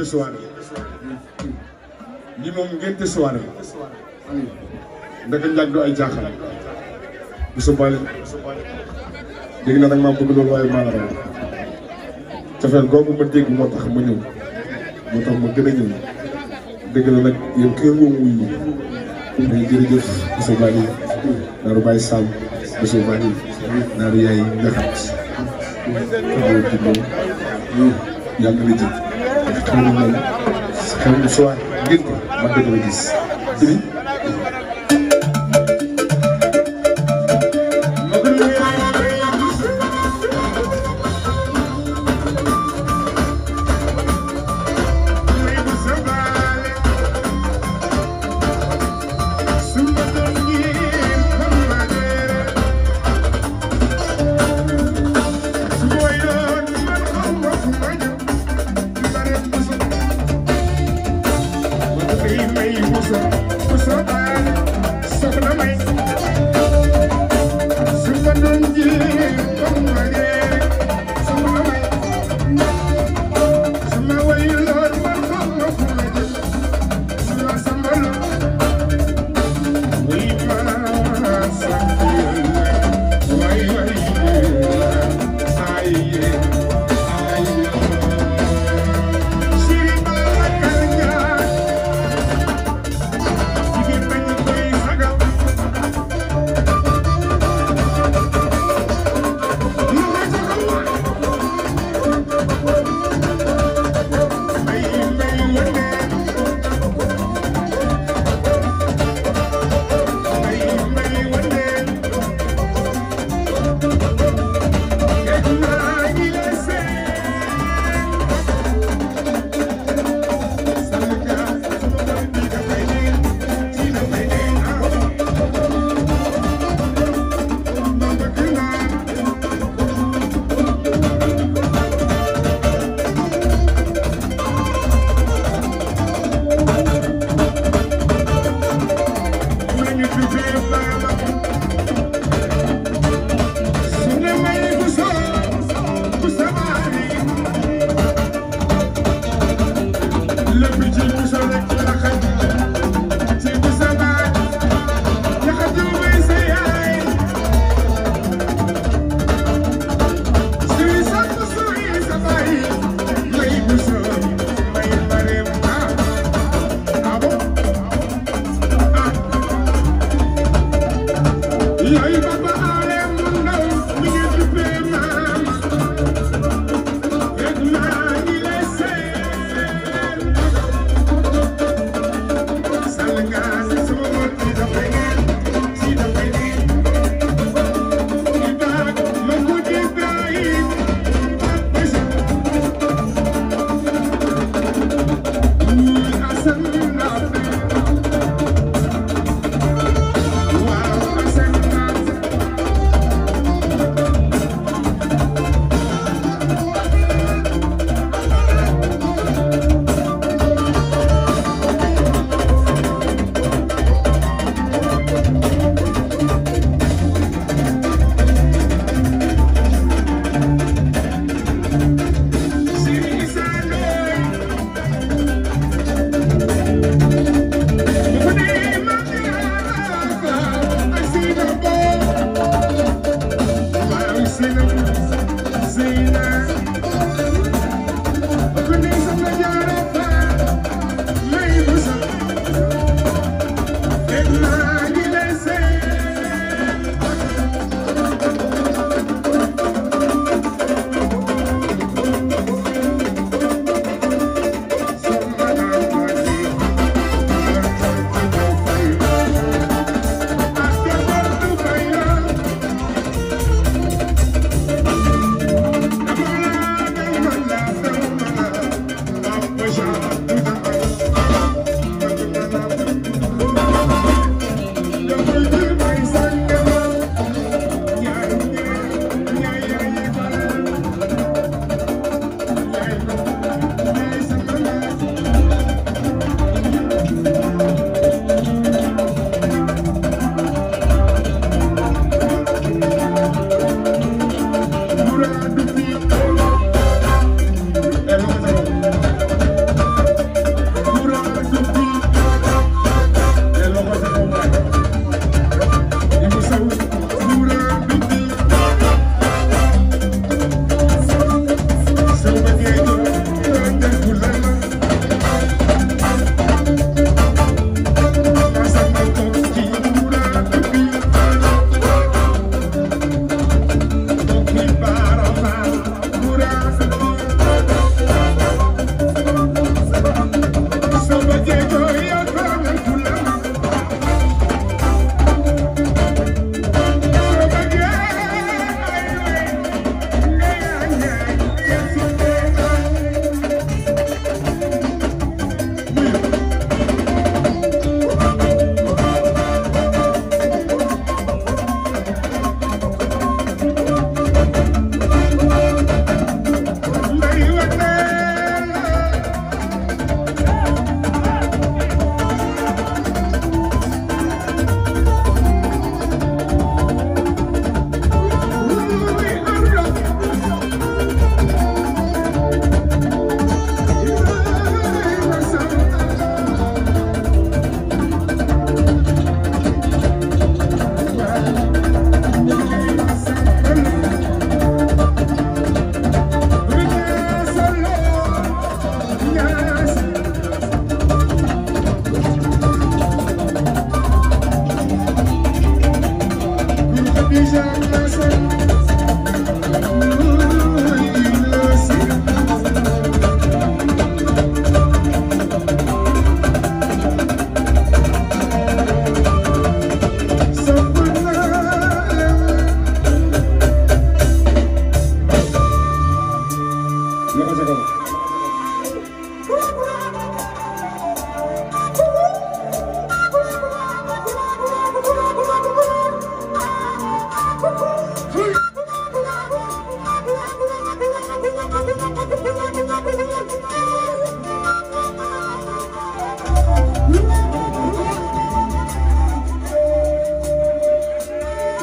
ngénte soirée lii moom ngénte soirée ndaka njaag ay jaaxal bu sa bale dégg naa nag maa bëgg loolu waaye maa la raw cofeel googu ma dégg moo tax ma ñëw moo tax ma gën a ñëw dégg na nag yow kër moom wuyu mais jërëjëf monsieur Bani naaru Baye Sall monsieur Bani naaru yaay Ndiakhate. yàlla na jël. xam nañ ne xew na soir ngeen ko man dëgg la gis.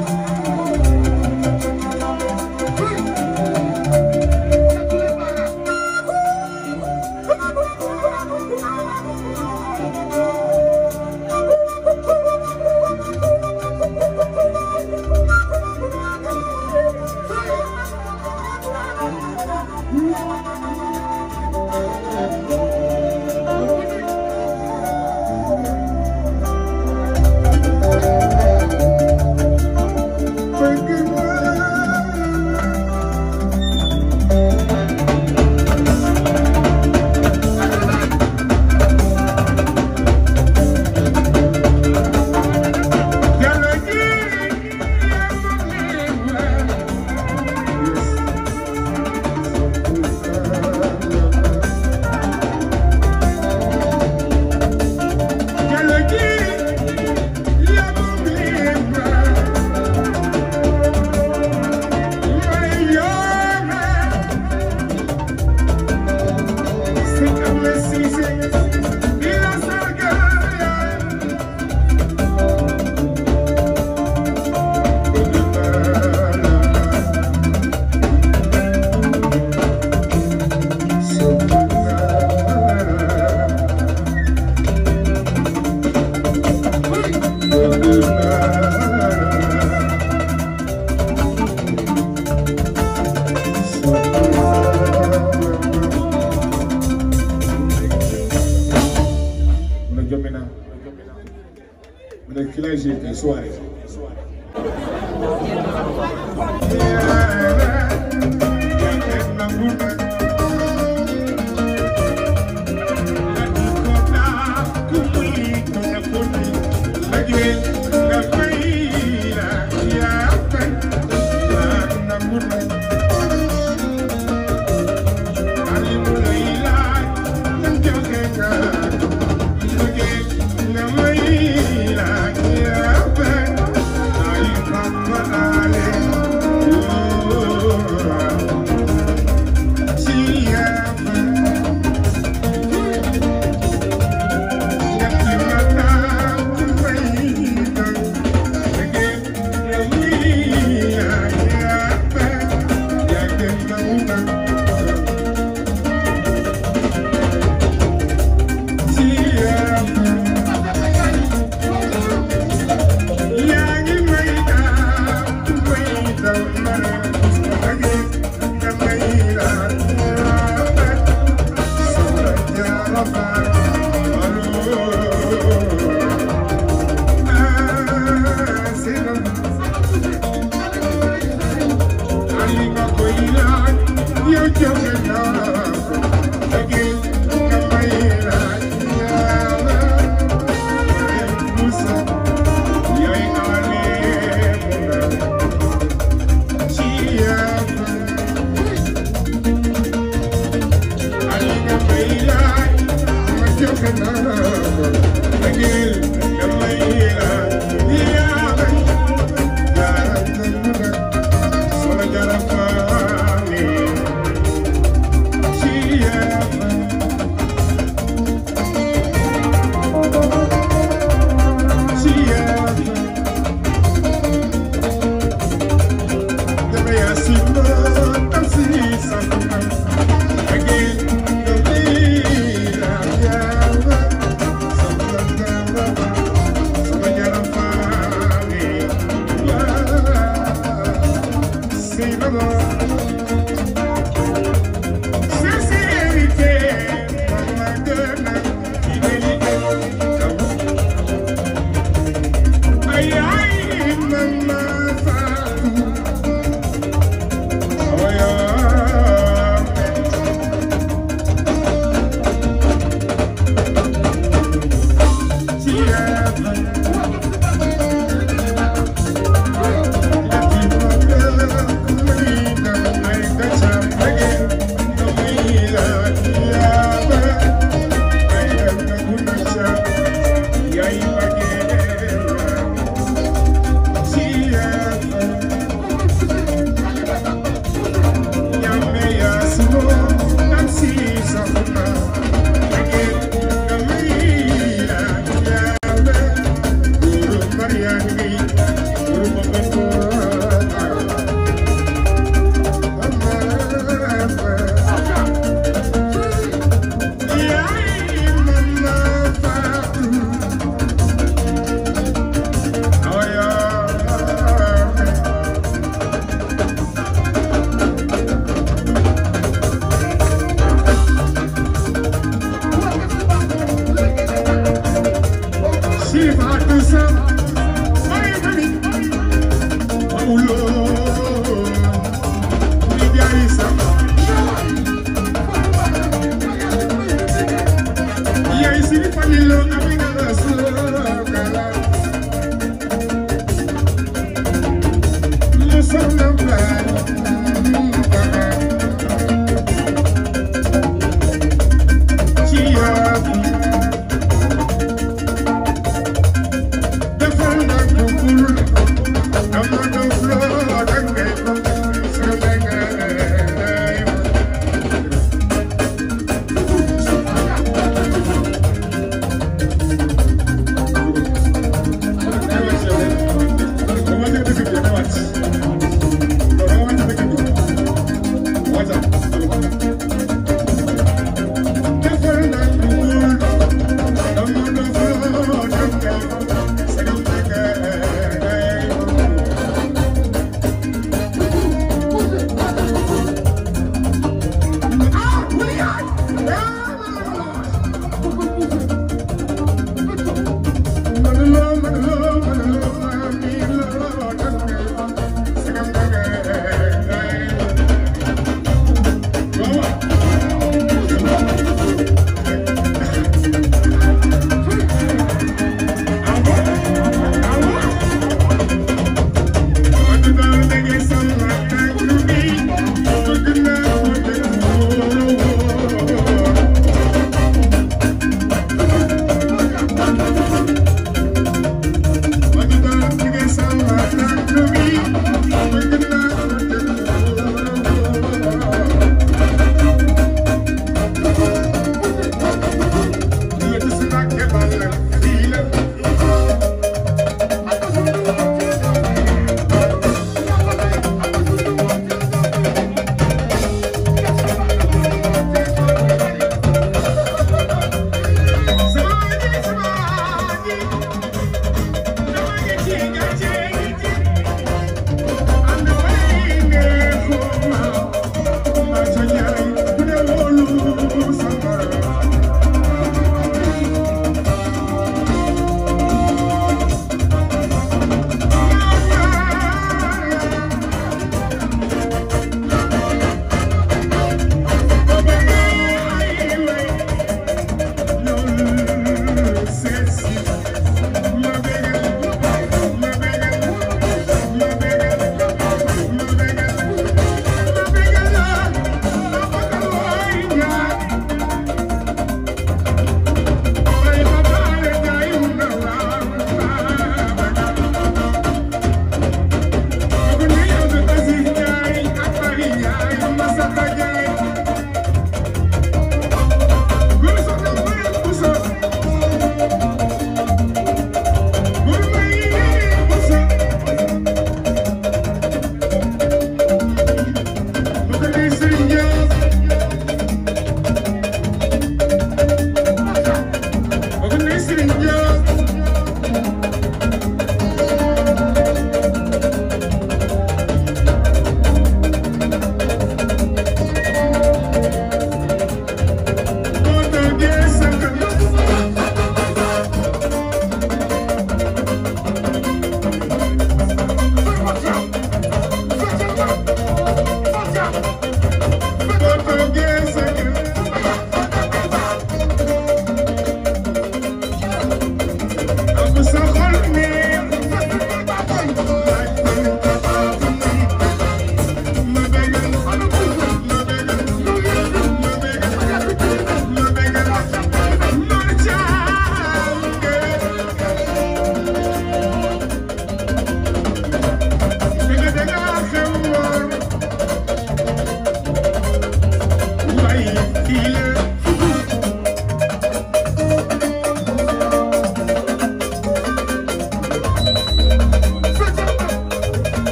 Thank you. Merci.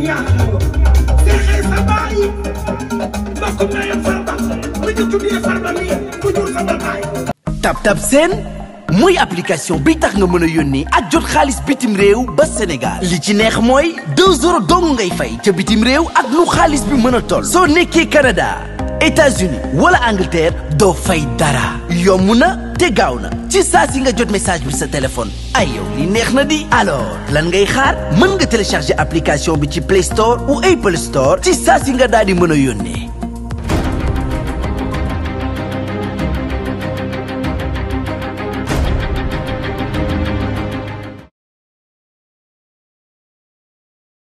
ñaan na ko mooy application bi tax nga mën a yónnee ak jot xaalis bitim réew ba Sénégal li ci neex mooy 2 euros dong ngay fay ca bitim réew ak lu xaalis bi mën a toll soo nekkee Canada États-Unis wala Angleterre doo fay dara yomb na te gaaw na ci saa si nga jot message bi sa téléphone ay yow li neex na di alors lan ngay xaar mën nga télécharger application bi ci Play Store ou Apple Store ci saa si nga daal di mën a yónnee